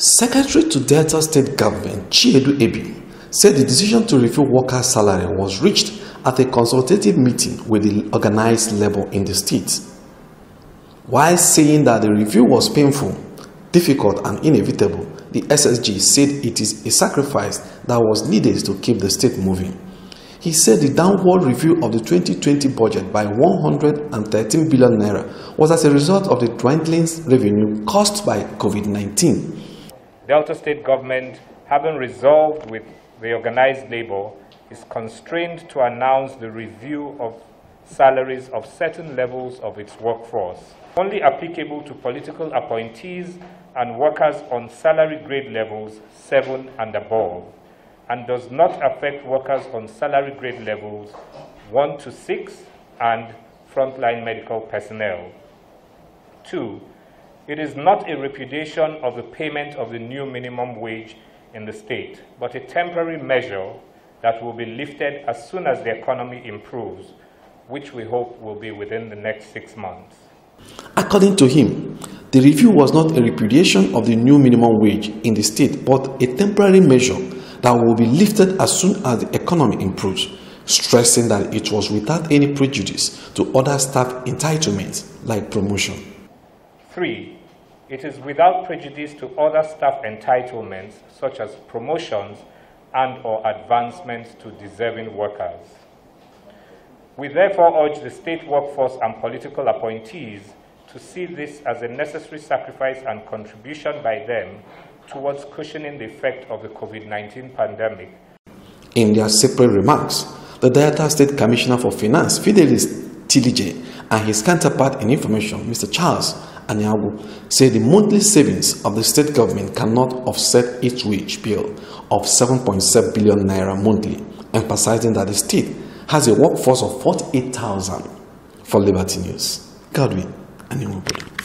Secretary to Delta State Government Chiedu Ebi said the decision to review workers' salary was reached at a consultative meeting with the organized labor in the state. While saying that the review was painful, difficult, and inevitable, the SSG said it is a sacrifice that was needed to keep the state moving. He said the downward review of the 2020 budget by 113 billion naira was as a result of the dwindling revenue caused by COVID 19. Delta State government, having resolved with the organized labor, is constrained to announce the review of salaries of certain levels of its workforce, only applicable to political appointees and workers on salary grade levels 7 and above, and does not affect workers on salary grade levels 1 to 6 and frontline medical personnel. Two, it is not a repudiation of the payment of the new minimum wage in the state, but a temporary measure that will be lifted as soon as the economy improves, which we hope will be within the next six months. According to him, the review was not a repudiation of the new minimum wage in the state, but a temporary measure that will be lifted as soon as the economy improves, stressing that it was without any prejudice to other staff entitlements like promotion. 3. It is without prejudice to other staff entitlements, such as promotions and or advancements to deserving workers. We therefore urge the state workforce and political appointees to see this as a necessary sacrifice and contribution by them towards cushioning the effect of the COVID-19 pandemic. In their separate remarks, the Delta State Commissioner for Finance, Fidelis Tilije and his counterpart in information, Mr. Charles Anyagu said the monthly savings of the state government cannot offset each wage bill of 7.7 billion naira monthly, emphasizing that the state has a workforce of 48,000 for Liberty News. Godwin Anyagu.